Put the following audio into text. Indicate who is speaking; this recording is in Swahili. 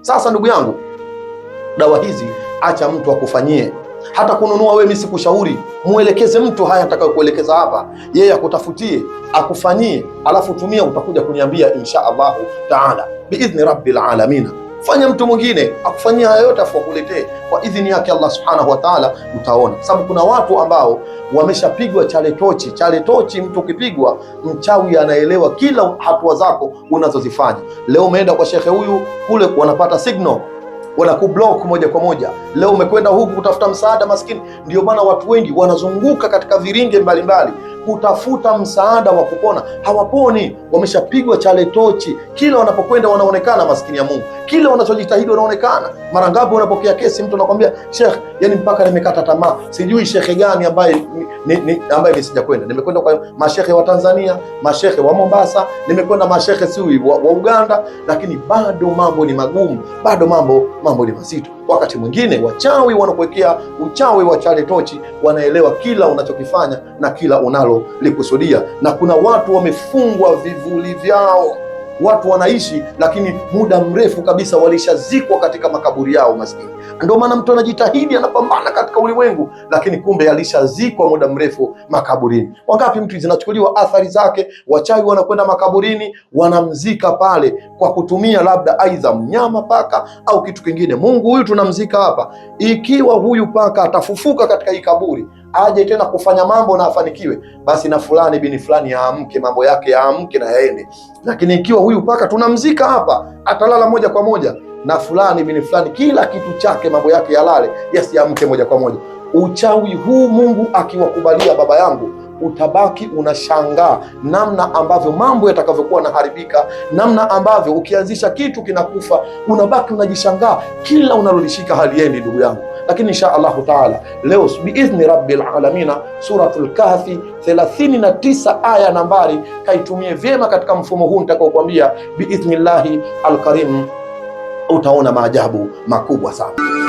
Speaker 1: Sasa ndugu yangu, dawa hizi acha mtu akufanyie hata kununua wewe, mimi sikushauri. Muelekeze mtu haya atakayokuelekeza hapa, yeye akutafutie akufanyie, alafu tumia, utakuja kuniambia insha Allahu taala biidhni rabbil alamina. Fanya mtu mwingine akufanyia haya yote afu akuletee kwa idhini yake Allah subhanahu wa ta'ala, utaona. sababu kuna watu ambao wameshapigwa chale tochi. Chale tochi, mtu ukipigwa, mchawi anaelewa kila hatua zako unazozifanya. Leo umeenda kwa shekhe huyu kule, wanapata signal wanakublock moja kwa moja. Leo umekwenda huku kutafuta msaada, maskini. Ndio maana watu wengi wanazunguka katika viringe mbalimbali mbali kutafuta msaada wa kupona, hawaponi. Wameshapigwa chale tochi, kila wanapokwenda wanaonekana maskini ya Mungu, kila wanachojitahidi wanaonekana. Mara ngapi unapokea kesi, mtu anakwambia Sheikh, yani mpaka nimekata tamaa, sijui shekhe gani ambaye ni, ni, ambaye Nimekwenda kwa mashehe wa Tanzania, mashehe wa Mombasa, nimekwenda mashehe siwi wa, wa Uganda, lakini bado mambo ni magumu, bado mambo mambo ni mazito. Wakati mwingine wachawi wanakuwekea uchawi wa chale tochi, wanaelewa kila unachokifanya na kila unalo likusudia Na kuna watu wamefungwa vivuli vyao, watu wanaishi lakini muda mrefu kabisa walishazikwa katika makaburi yao maskini. Ndio maana mtu anajitahidi anapambana katika ulimwengu, lakini kumbe alishazikwa muda mrefu makaburini. Wangapi mtu zinachukuliwa athari zake, wachawi wanakwenda makaburini, wanamzika pale kwa kutumia labda aidha mnyama paka au kitu kingine. Mungu huyu tunamzika hapa, ikiwa huyu paka atafufuka katika hii kaburi aje tena kufanya mambo na afanikiwe, basi na fulani bini fulani aamke, mambo yake yaamke na yaende. Lakini ikiwa huyu paka tunamzika hapa, atalala moja kwa moja, na fulani bini fulani, kila kitu chake mambo yake yalale, yasiamke moja kwa moja. Uchawi huu Mungu akiwakubalia, baba yangu utabaki unashangaa namna ambavyo mambo yatakavyokuwa naharibika, namna ambavyo ukianzisha kitu kinakufa, unabaki unajishangaa, kila unalolishika haliendi, ndugu yangu lakini insha Allahu taala leo biidhni rabbil alamina, Suratul Kahfi 39 aya nambari, kaitumie vyema katika mfumo huu nitakaokuambia biidhnillahi alkarim, utaona maajabu makubwa sana.